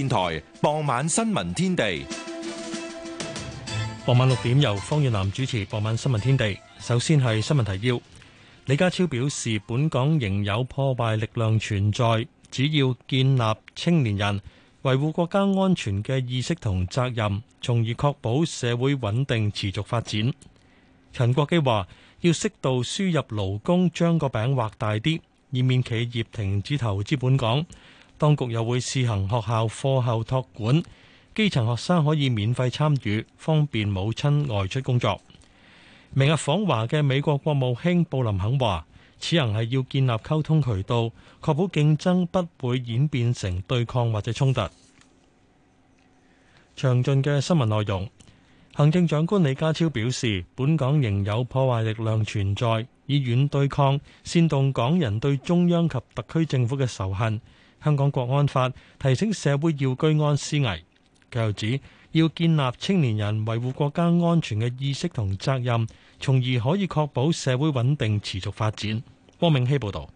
電台傍晚新聞天地，傍晚六點由方遠南主持。傍晚新聞天地，首先係新聞提要。李家超表示，本港仍有破壞力量存在，只要建立青年人維護國家安全嘅意識同責任，從而確保社會穩定持續發展。陳國基話，要適度輸入勞工，將個餅畫大啲，以免企業停止投資本港。當局又會試行學校課後託管，基層學生可以免費參與，方便母親外出工作。明日訪華嘅美國國務卿布林肯話，此行係要建立溝通渠道，確保競爭不會演變成對抗或者衝突。詳盡嘅新聞內容，行政長官李家超表示，本港仍有破壞力量存在，以遠對抗煽動港人對中央及特區政府嘅仇恨。香港國安法提醒社會要居安思危。佢又指，要建立青年人維護國家安全嘅意識同責任，從而可以確保社會穩定持續發展。汪明熙報導。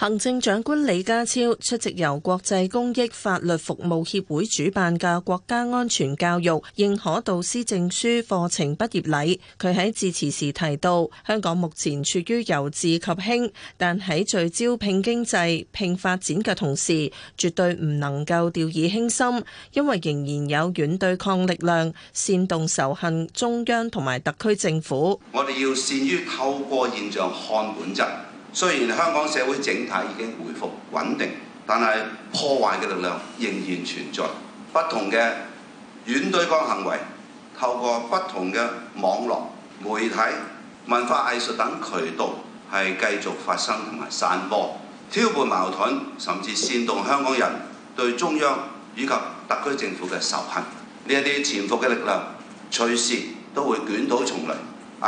行政長官李家超出席由國際公益法律服務協會主辦嘅國家安全教育認可導師證書課程畢業禮。佢喺致辭時提到，香港目前處於由治及興，但喺聚焦拼經濟、拼發展嘅同時，絕對唔能夠掉以輕心，因為仍然有軟對抗力量煽動仇恨中央同埋特區政府。我哋要善於透過現象看本質。雖然香港社會整體已經回復穩定，但係破壞嘅力量仍然存在。不同嘅軟對抗行為，透過不同嘅網絡、媒體、文化藝術等渠道，係繼續發生同埋散播挑撥矛盾，甚至煽動香港人對中央以及特區政府嘅仇恨。呢一啲潛伏嘅力量，隨時都會捲土重來，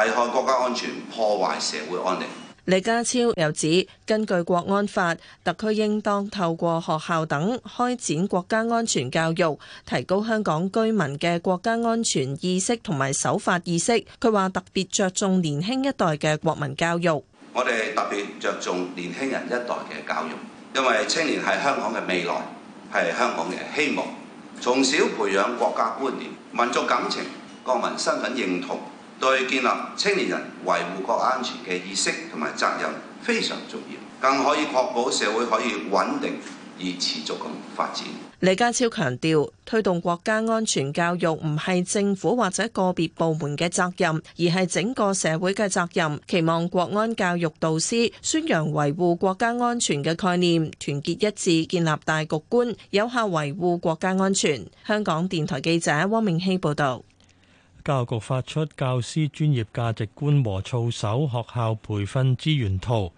危害國家安全，破壞社會安寧。李家超又指，根據國安法，特區應當透過學校等開展國家安全教育，提高香港居民嘅國家安全意識同埋守法意識。佢話特別着重年輕一代嘅國民教育。我哋特別着重年輕人一代嘅教育，因為青年係香港嘅未來，係香港嘅希望。從小培養國家觀念、民族感情、國民身份認同。對建立青年人維護國家安全嘅意識同埋責任非常重要，更可以確保社會可以穩定而持續咁發展。李家超強調，推動國家安全教育唔係政府或者個別部門嘅責任，而係整個社會嘅責任。期望國安教育導師宣揚維護國家安全嘅概念，團結一致，建立大局觀，有效維護國家安全。香港電台記者汪明熙報導。教育局發出教師專業價值觀和操守學校培訓資源套，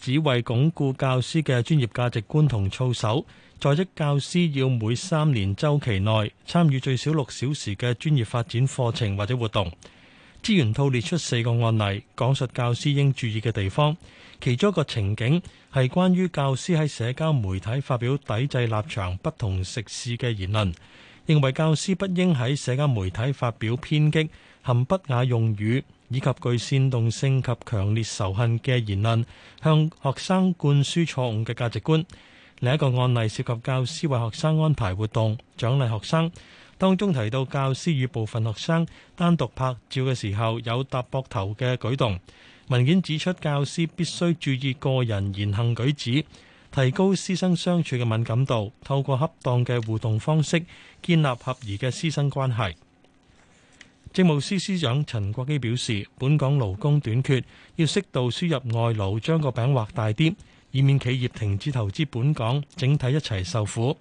只為鞏固教師嘅專業價值觀同操守。在職教師要每三年周期內參與最少六小時嘅專業發展課程或者活動。資源套列出四個案例，講述教師應注意嘅地方。其中一個情景係關於教師喺社交媒體發表抵制立場不同食肆嘅言論。認為教師不應喺社交媒體發表偏激、含不雅用語，以及具煽動性及強烈仇恨嘅言論，向學生灌輸錯誤嘅價值觀。另一個案例涉及教師為學生安排活動，獎勵學生，當中提到教師與部分學生單獨拍照嘅時候有搭膊頭嘅舉動。文件指出，教師必須注意個人言行舉止。提高師生相處嘅敏感度，透過恰當嘅互動方式，建立合宜嘅師生關係。政務司司長陳國基表示，本港勞工短缺，要適度輸入外勞，將個餅畫大啲，以免企業停止投資本港，整體一齊受苦。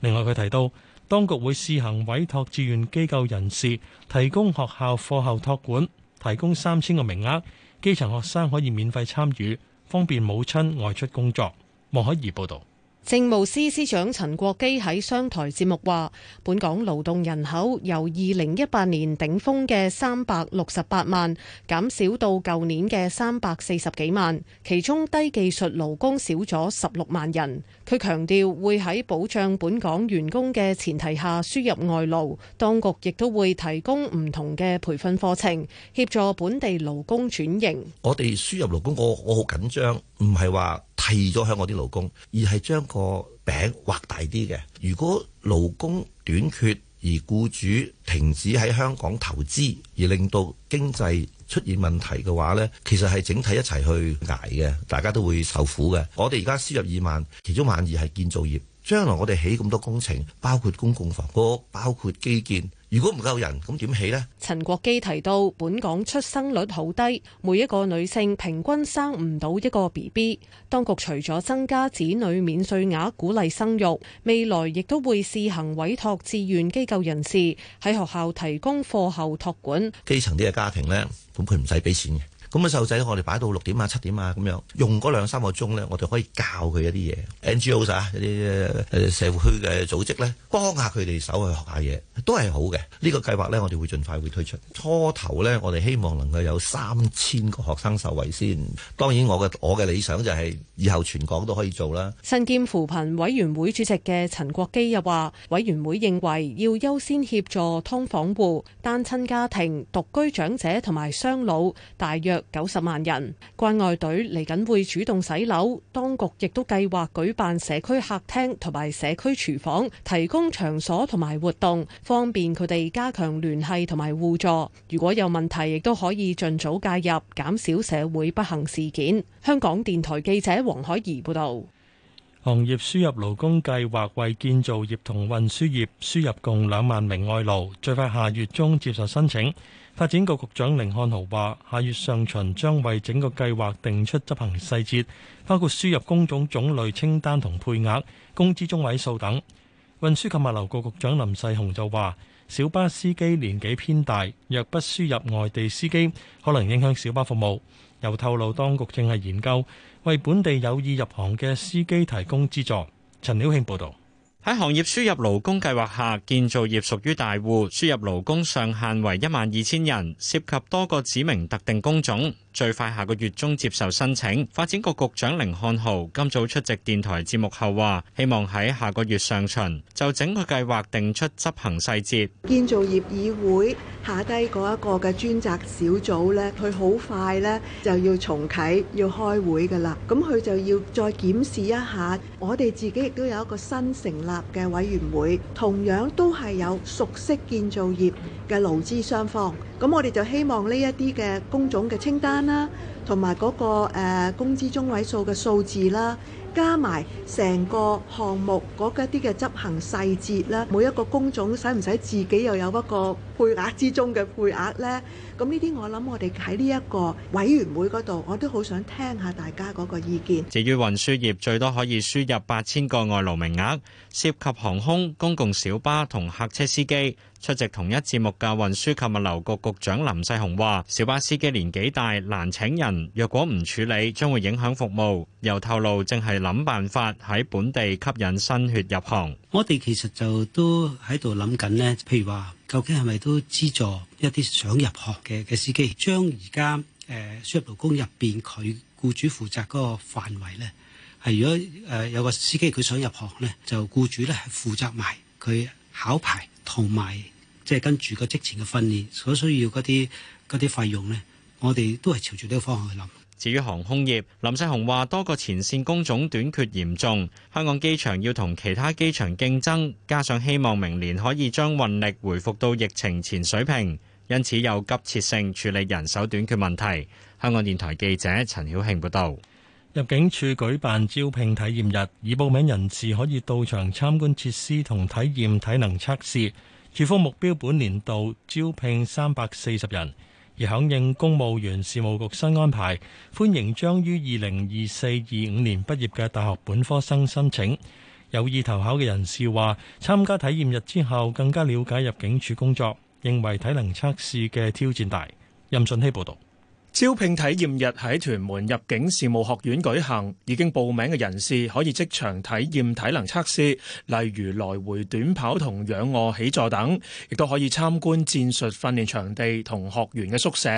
另外，佢提到，當局會試行委託志願機構人士提供學校課後託管，提供三千個名額，基層學生可以免費參與，方便母親外出工作。莫海怡報道，政務司司長陳國基喺商台節目話，本港勞動人口由二零一八年頂峰嘅三百六十八萬減少到舊年嘅三百四十幾萬，其中低技術勞工少咗十六萬人。佢強調會喺保障本港員工嘅前提下輸入外勞，當局亦都會提供唔同嘅培訓課程協助本地勞工轉型。我哋輸入勞工我，我我好緊張，唔係話。替咗香港啲勞工，而係將個餅畫大啲嘅。如果勞工短缺而僱主停止喺香港投資，而令到經濟出現問題嘅話咧，其實係整體一齊去挨嘅，大家都會受苦嘅。我哋而家輸入二萬，其中萬二係建造業。將來我哋起咁多工程，包括公共房屋，包括基建，如果唔夠人，咁點起呢？陳國基提到，本港出生率好低，每一個女性平均生唔到一個 BB。當局除咗增加子女免稅額，鼓勵生育，未來亦都會試行委託志願機構人士喺學校提供課後托管。基層啲嘅家庭呢，咁佢唔使俾錢嘅。咁啊，細路仔我哋擺到六點啊、七點啊咁樣用嗰兩三個鐘咧，我哋可以教佢一啲嘢。NGO 晒啊，一啲誒社區嘅組織咧，幫下佢哋手去學下嘢，都係好嘅。呢個計劃咧，我哋會盡快會推出。初頭咧，我哋希望能夠有三千個學生受惠先。當然我，我嘅我嘅理想就係以後全港都可以做啦。身兼扶貧委員會主席嘅陳國基又話，委員會認為要優先協助劏房戶、單親家庭、獨居長者同埋雙老，大約。九十萬人，關愛隊嚟緊會主動洗樓，當局亦都計劃舉辦社區客廳同埋社區廚房，提供場所同埋活動，方便佢哋加強聯繫同埋互助。如果有問題，亦都可以盡早介入，減少社會不幸事件。香港電台記者黃海怡報道。行業輸入勞工計劃為建造業同運輸業輸入共兩萬名外勞，最快下月中接受申請。發展局局長甯漢豪話：下月上旬將為整個計劃定出執行細節，包括輸入工種種類清單同配額、工資中位數等。運輸及物流局局長林世雄就話：小巴司機年紀偏大，若不輸入外地司機，可能影響小巴服務。又透露當局正係研究為本地有意入行嘅司機提供資助。陳曉慶報道。喺行業輸入勞工計劃下，建造業屬於大戶，輸入勞工上限為一萬二千人，涉及多個指明特定工種，最快下個月中接受申請。發展局局長甯漢豪今早出席電台節目後話：希望喺下個月上旬就整個計劃定出執行細節。建造業議會下低嗰一個嘅專責小組呢，佢好快呢就要重啟要開會㗎喇，咁佢就要再檢視一下。我哋自己亦都有一個新成立嘅委員會同樣都係有熟悉建造業嘅勞資雙方，咁我哋就希望呢一啲嘅工種嘅清單啦，同埋嗰個誒工資中位數嘅數字啦。加埋成個項目嗰一啲嘅執行細節啦，每一個工種使唔使自己又有一個配額之中嘅配額呢？咁呢啲我諗我哋喺呢一個委員會嗰度，我都好想聽下大家嗰個意見。至於運輸業，最多可以輸入八千個外勞名額，涉及航空、公共小巴同客車司機。出席同一節目嘅運輸及物流局局長林世雄話，小巴司機年紀大，難請人。若果唔處理，將會影響服務。又透露正係諗辦法喺本地吸引新血入行。我哋其實就都喺度諗緊呢，譬如話，究竟係咪都資助一啲想入行嘅嘅司機，將而家誒輸入勞工入邊佢僱主負責嗰個範圍呢。係如果誒有個司機佢想入行呢，就僱主呢係負責埋佢考牌。同埋，即係跟住個職前嘅訓練所需要嗰啲嗰啲費用咧，我哋都係朝住呢個方向去諗。至於航空業，林世雄話多個前線工種短缺嚴重，香港機場要同其他機場競爭，加上希望明年可以將運力回復到疫情前水平，因此有急切性處理人手短缺問題。香港電台記者陳曉慶報道。入境處舉辦招聘體驗日，已報名人士可以到場參觀設施同體驗體能測試。處方目標本年度招聘三百四十人，而響應公務員事務局新安排，歡迎將於二零二四、二五年畢業嘅大學本科生申請。有意投考嘅人士話：參加體驗日之後，更加了解入境處工作，認為體能測試嘅挑戰大。任信希報導。招聘體驗日喺屯門入境事務學院舉行，已經報名嘅人士可以即場體驗體能測試，例如來回短跑同仰臥起坐等，亦都可以參觀戰術訓練場地同學員嘅宿舍。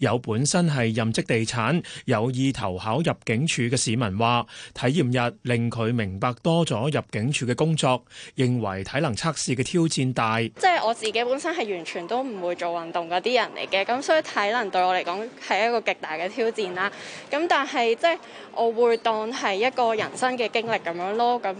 有本身係任職地產有意投考入境處嘅市民話，體驗日令佢明白多咗入境處嘅工作，認為體能測試嘅挑戰大。即係我自己本身係完全都唔會做運動嗰啲人嚟嘅，咁所以體能對我嚟講係，係一個極大嘅挑戰啦，咁但係，即係我會當係一個人生嘅經歷咁樣咯，咁。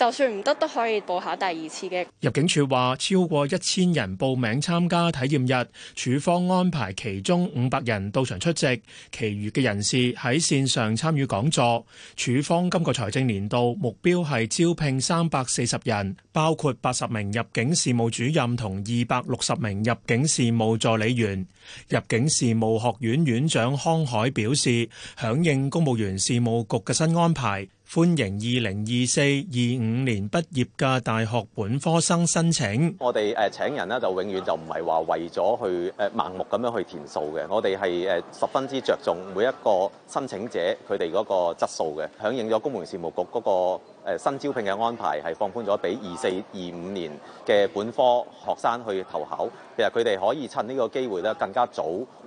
就算唔得都可以報下第二次嘅。入境處話，超過一千人報名參加體驗日，處方安排其中五百人到場出席，其餘嘅人士喺線上參與講座。處方今個財政年度目標係招聘三百四十人，包括八十名入境事務主任同二百六十名入境事務助理員。入境事務學院院長康海表示，響應公務員事務局嘅新安排。歡迎二零二四、二五年畢業嘅大學本科生申請。我哋誒，請人咧就永遠就唔係話為咗去誒盲目咁樣去填數嘅。我哋係誒十分之着重每一個申請者，佢哋嗰個質素嘅。響應咗公務員事務局嗰個。誒，新招聘嘅安排係放寬咗俾二四二五年嘅本科學生去投考，其實，佢哋可以趁呢個機會咧更加早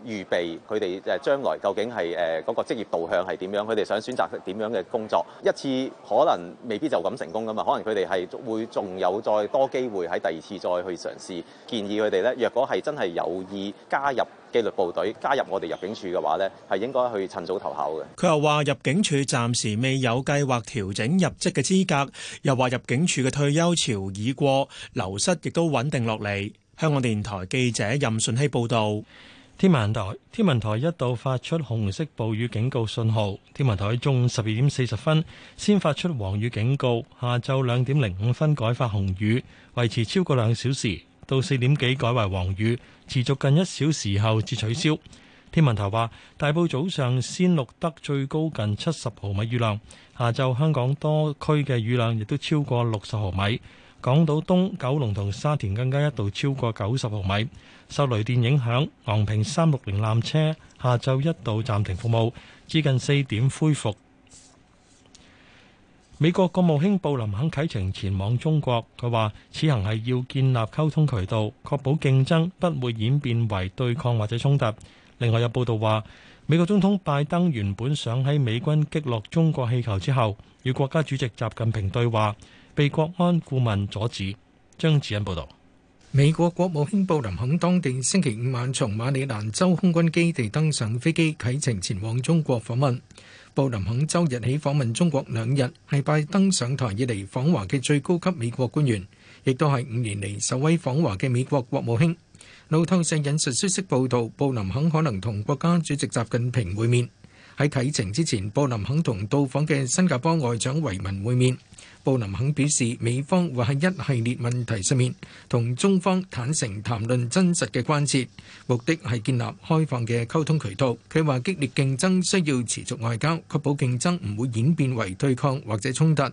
預備佢哋誒將來究竟係誒嗰個職業導向係點樣，佢哋想選擇點樣嘅工作。一次可能未必就咁成功噶嘛，可能佢哋係會仲有再多機會喺第二次再去嘗試，建議佢哋咧，若果係真係有意加入。紀律部隊，加入我哋入境處嘅話呢，係應該去趁早投考嘅。佢又話入境處暫時未有計劃調整入職嘅資格，又話入境處嘅退休潮已過，流失亦都穩定落嚟。香港電台記者任順希報道，天文台，天文台一度發出紅色暴雨警告信號，天文台中午十二點四十分先發出黃雨警告，下晝兩點零五分改發紅雨，維持超過兩小時。到四點幾改為黃雨，持續近一小時後至取消。天文台話，大埔早上先錄得最高近七十毫米雨量，下晝香港多區嘅雨量亦都超過六十毫米，港島東、九龍同沙田更加一度超過九十毫米。受雷電影響，昂坪三六零纜車下晝一度暫停服務，至近四點恢復。美國國務卿布林肯啟程前往中國，佢話此行係要建立溝通渠道，確保競爭不會演變為對抗或者衝突。另外有報道話，美國總統拜登原本想喺美軍擊落中國氣球之後，與國家主席習近平對話，被國安顧問阻止。張子欣報道。美國國務卿布林肯當地星期五晚從馬里蘭州空軍基地登上飛機啟程前往中國訪問。布林肯周日起訪問中國兩日，係拜登上台以嚟訪華嘅最高級美國官員，亦都係五年嚟首位訪華嘅美國國務卿。路透社引述消息報導，布林肯可能同國家主席習近平會面。喺啟程之前，布林肯同到訪嘅新加坡外長維文會面。布林肯表示，美方會喺一系列問題上面同中方坦誠談論真實嘅關切，目的係建立開放嘅溝通渠道。佢話激烈競爭需要持續外交，確保競爭唔會演變為對抗或者衝突。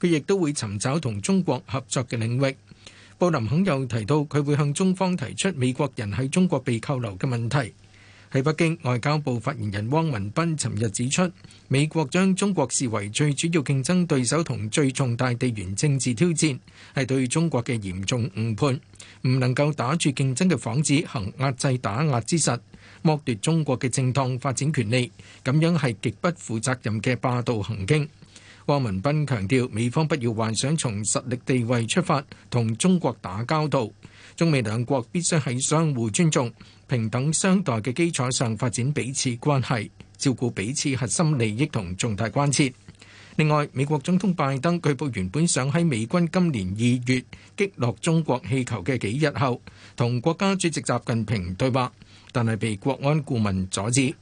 佢亦都會尋找同中國合作嘅領域。布林肯又提到，佢會向中方提出美國人喺中國被扣留嘅問題。喺北京，外交部發言人汪文斌尋日指出，美國將中國視為最主要競爭對手同最重大地緣政治挑戰，係對中國嘅嚴重誤判，唔能夠打住競爭嘅幌子行壓制打壓之實，剝奪中國嘅正當發展權利，咁樣，係極不負責任嘅霸道行徑。汪文斌強調，美方不要幻想從實力地位出發同中國打交道，中美兩國必須喺相互尊重，平等相待嘅基礎上發展彼此關係，照顧彼此核心利益同重大關切。另外，美國總統拜登據報原本想喺美軍今年二月擊落中國氣球嘅幾日後，同國家主席習近平對話，但係被國安顧問阻止。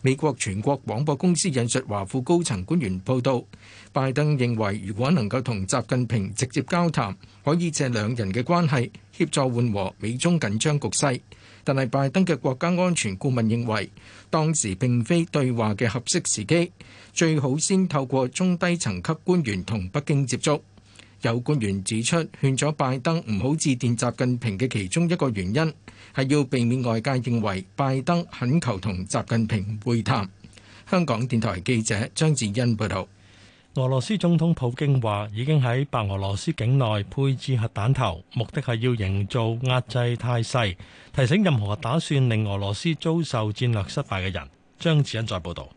美國全國廣播公司引述華府高層官員報道，拜登認為如果能夠同習近平直接交談，可以借兩人嘅關係協助緩和美中緊張局勢。但係拜登嘅國家安全顧問認為當時並非對話嘅合適時機，最好先透過中低層級官員同北京接觸。有官員指出，勸咗拜登唔好致電習近平嘅其中一個原因係要避免外界認為拜登懇求同習近平會談，香港電台記者張志欣報道。俄羅斯總統普京話：已經喺白俄羅斯境內配置核彈頭，目的係要營造壓制態勢，提醒任何打算令俄羅斯遭受戰略失敗嘅人。張子欣再報道。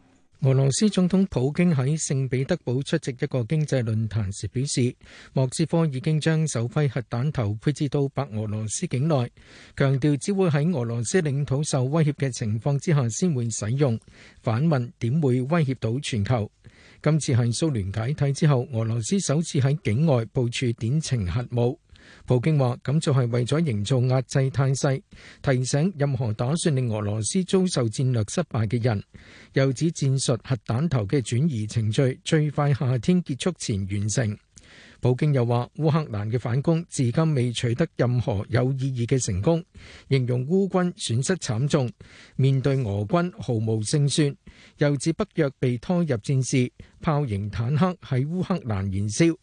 俄羅斯總統普京喺聖彼得堡出席一個經濟論壇時表示，莫斯科已經將首批核彈頭配置到白俄羅斯境內，強調只會喺俄羅斯領土受威脅嘅情況之下先會使用。反問點會威脅到全球？今次係蘇聯解體之後，俄羅斯首次喺境外部署點程核武。普京話：咁就係為咗營造壓制態勢，提醒任何打算令俄羅斯遭受戰略失敗嘅人。又指戰術核彈頭嘅轉移程序最快夏天結束前完成。普京又話：烏克蘭嘅反攻至今未取得任何有意義嘅成功，形容烏軍損失慘重，面對俄軍毫無勝算。又指北約被拖入戰事。炮型坦克喺烏克蘭燃燒。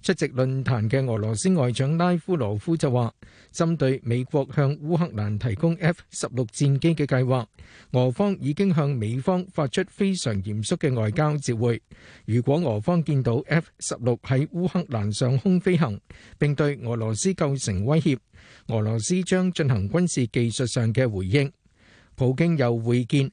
出席論壇嘅俄羅斯外長拉夫羅夫就話：針對美國向烏克蘭提供 F 十六戰機嘅計劃，俄方已經向美方發出非常嚴肅嘅外交照會。如果俄方見到 F 十六喺烏克蘭上空飛行並對俄羅斯構成威脅，俄羅斯將進行軍事技術上嘅回應。普京又會見。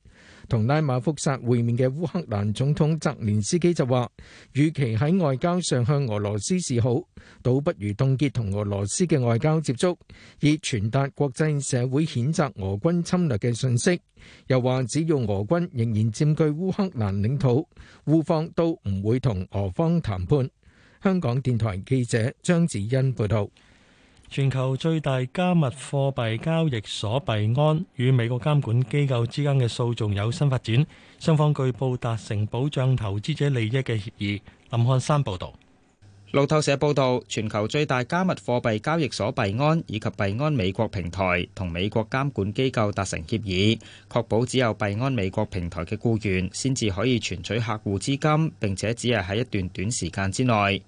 同拉馬福薩會面嘅烏克蘭總統澤連斯基就話，與其喺外交上向俄羅斯示好，倒不如凍結同俄羅斯嘅外交接觸，以傳達國際社會譴責俄軍侵略嘅信息。又話只要俄軍仍然佔據烏克蘭領土，烏方都唔會同俄方談判。香港電台記者張子欣報道。全球最大加密貨幣交易所幣安與美國監管機構之間嘅訴訟有新發展，雙方據報達成保障投資者利益嘅協議。林漢山報道。路透社報道，全球最大加密貨幣交易所幣安以及幣安美國平台同美國監管機構達成協議，確保只有幣安美國平台嘅雇員先至可以存取客戶資金，並且只係喺一段短時間之內。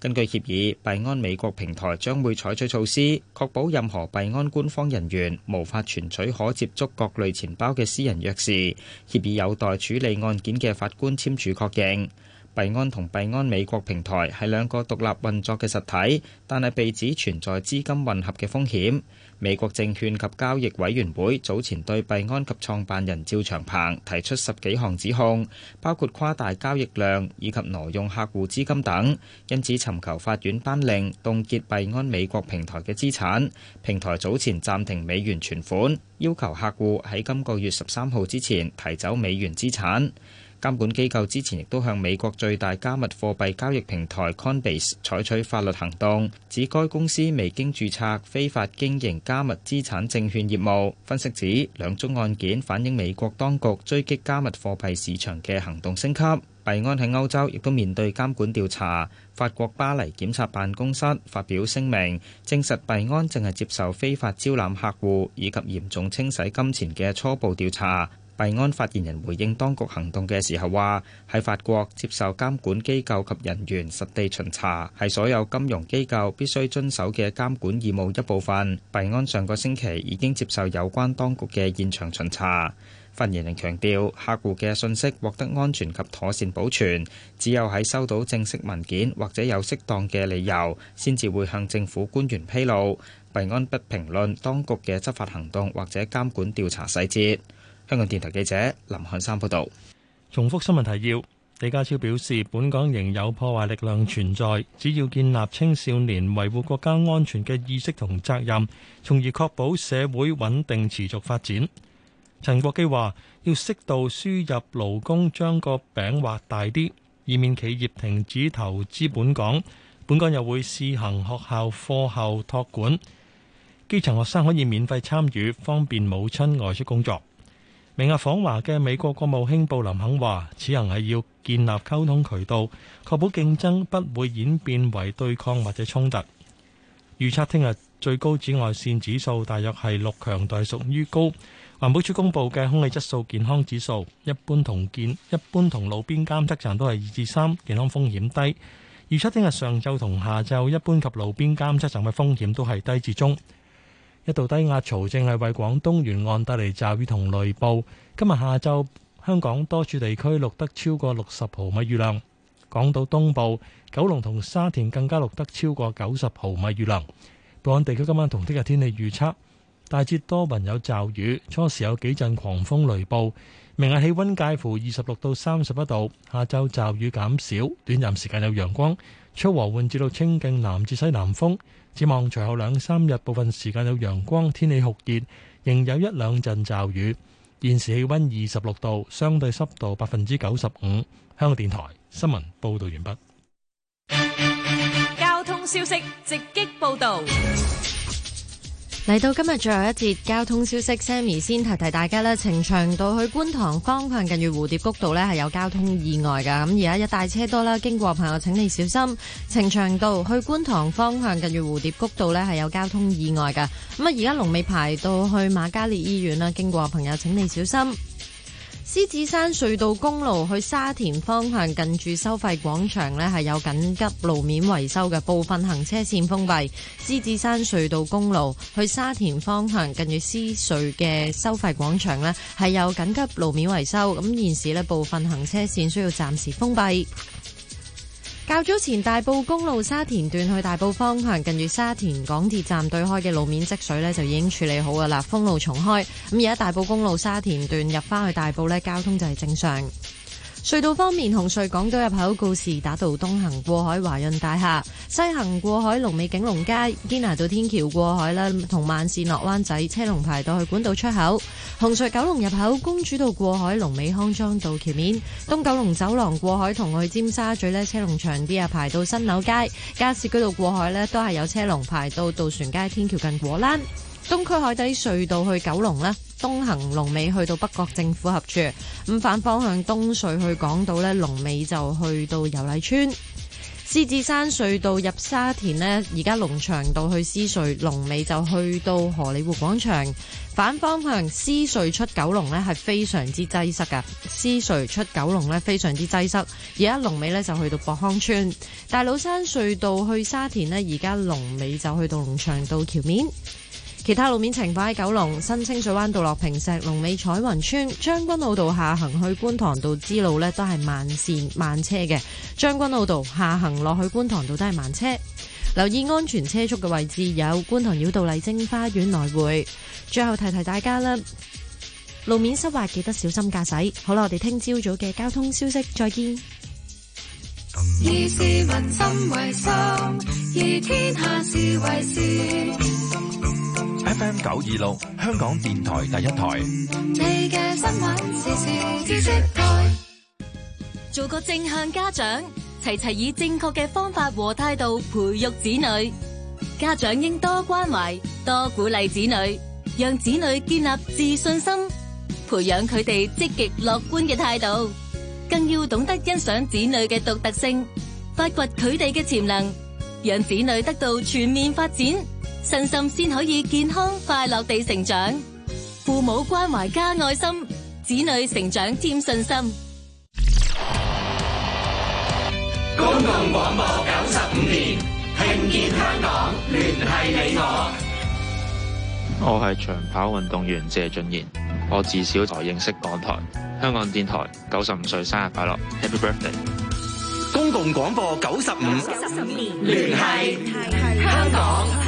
根據協議，幣安美國平台將會採取措施，確保任何幣安官方人員無法存取可接觸各類錢包嘅私人鑰匙。協議有待處理案件嘅法官簽署確認。幣安同幣安美國平台係兩個獨立運作嘅實體，但係被指存在資金混合嘅風險。美國證券及交易委員會早前對幣安及創辦人趙長鵬提出十幾項指控，包括誇大交易量以及挪用客戶資金等，因此尋求法院頒令凍結幣安美國平台嘅資產。平台早前暫停美元存款，要求客戶喺今個月十三號之前提走美元資產。監管機構之前亦都向美國最大加密貨幣交易平台 Coinbase 採取法律行動，指該公司未經註冊非法經營加密資產證券業務。分析指兩宗案件反映美國當局追擊加密貨幣市場嘅行動升級。幣安喺歐洲亦都面對監管調查，法國巴黎檢察辦公室發表聲明，證實幣安正係接受非法招攬客戶以及嚴重清洗金錢嘅初步調查。幣安發言人回應當局行動嘅時候話：喺法國接受監管機構及人員實地巡查，係所有金融機構必須遵守嘅監管義務一部分。幣安上個星期已經接受有關當局嘅現場巡查。發言人強調，客戶嘅信息獲得安全及妥善保存，只有喺收到正式文件或者有適當嘅理由，先至會向政府官員披露。幣安不評論當局嘅執法行動或者監管調查細節。香港電台記者林漢山報道。重複新聞提要：李家超表示，本港仍有破壞力量存在，只要建立青少年維護國家安全嘅意識同責任，從而確保社會穩定持續發展。陳國基話：要適度輸入勞工，將個餅劃大啲，以免企業停止投資本港。本港又會試行學校課後託管，基層學生可以免費參與，方便母親外出工作。明日訪華嘅美國國務卿布林肯話：此行係要建立溝通渠道，確保競爭不會演變為對抗或者衝突。預測聽日最高紫外線指數大約係六，強度屬於高。環保署公佈嘅空氣質素健康指數，一般同建一般同路邊監測站都係二至三，健康風險低。預測聽日上晝同下晝一般及路邊監測站嘅風險都係低至中。一道低壓槽正係為廣東沿岸帶嚟驟雨同雷暴。今日下晝香港多處地區錄得超過六十毫米雨量，港島東部、九龍同沙田更加錄得超過九十毫米雨量。本港地區今晚同聽日天氣預測大致多雲有驟雨，初時有幾陣狂風雷暴。明日氣溫介乎二十六到三十一度。下晝驟雨減少，短暫時間有陽光，初和緩至到清勁南至西南風。展望隨後兩三日，部分時間有陽光，天氣酷熱，仍有一兩陣驟雨。現時氣溫二十六度，相對濕度百分之九十五。香港電台新聞報道完畢。交通消息，直擊報道。嚟到今日最後一節交通消息，Sammy 先提提大家咧，呈祥道去觀塘方向近住蝴蝶谷道咧係有交通意外噶，咁而家一大車多啦，經過朋友請你小心。呈祥道去觀塘方向近住蝴蝶谷道咧係有交通意外嘅，咁啊而家龍尾排到去瑪嘉烈醫院啦，經過朋友請你小心。獅子山隧道公路去沙田方向近住收費廣場呢，係有緊急路面維修嘅，部分行車線封閉。獅子山隧道公路去沙田方向近住獅隧嘅收費廣場呢，係有緊急路面維修，咁現時呢部分行車線需要暫時封閉。較早前大埔公路沙田段去大埔方向，近住沙田港鐵站對開嘅路面積水咧，就已經處理好噶啦，封路重開。咁而家大埔公路沙田段入返去大埔咧，交通就係正常。隧道方面，紅隧港島入口告士打道東行過海華潤大廈，華潤大廈西行過海，龍尾景隆街到堅拿道天橋過海啦。同萬線落灣仔車龍排到去管道出口，紅隧九龍入口公主道過海，龍尾康莊道橋面東九龍走廊過海，同去尖沙咀咧車龍長啲啊，排到新柳街加士居道過海咧，都係有車龍排到渡船街天橋近果欄。東區海底隧道去九龍呢東行龍尾去到北角政府合處。咁反方向東隧去港島呢龍尾就去到油麗村。獅子山隧道入沙田呢而家龍翔道去獅隧龍尾就去到荷里活廣場。反方向獅隧出九龍呢係非常之擠塞噶。獅隧出九龍呢非常之擠塞。而家龍尾呢就去到博康村。大老山隧道去沙田呢而家龍尾就去到龍翔道橋面。其他路面情況喺九龍新清水灣道、落坪石、龍尾彩雲村、將軍澳道下行去觀塘道之路呢都係慢線慢車嘅。將軍澳道下行落去觀塘道都係慢車。留意安全車速嘅位置有觀塘繞道麗晶花園來回。最後提提大家啦，路面濕滑，記得小心駕駛。好啦，我哋聽朝早嘅交通消息，再見。以 FM 九二六，香港電台第一台。做個正向家長，齊齊以正確嘅方法和態度培育子女。家長應多關懷、多鼓勵子女，讓子女建立自信心，培養佢哋積極樂觀嘅態度。更要懂得欣賞子女嘅獨特性，發掘佢哋嘅潛能，讓子女得到全面發展。身心先可以健康快樂地成長，父母關懷加愛心，子女成長添信心。公共廣播九十五年，聽見香港，聯繫你我。我係長跑運動員謝晉賢，我自小就認識港台，香港電台九十五歲生日快樂，Happy Birthday！公共廣播九十五年，聯繫香港。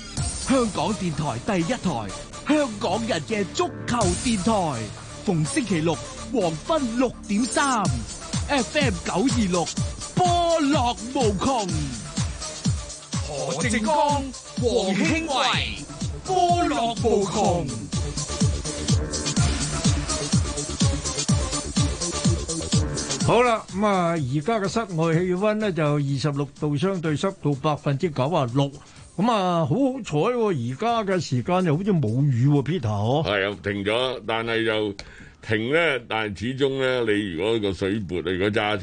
香港電台第一台，香港人嘅足球電台，逢星期六黃昏六點三，FM 九二六，波樂無窮。何正光、黃興偉，波樂無窮。好啦，咁啊，而家嘅室外氣溫咧就二十六度，相對濕度百分之九啊六。咁啊，好好彩，而家嘅時間又好似冇雨，Peter 哦。係啊，停咗，但係又停咧，但係始終咧，你如果個水壩啊，如果揸。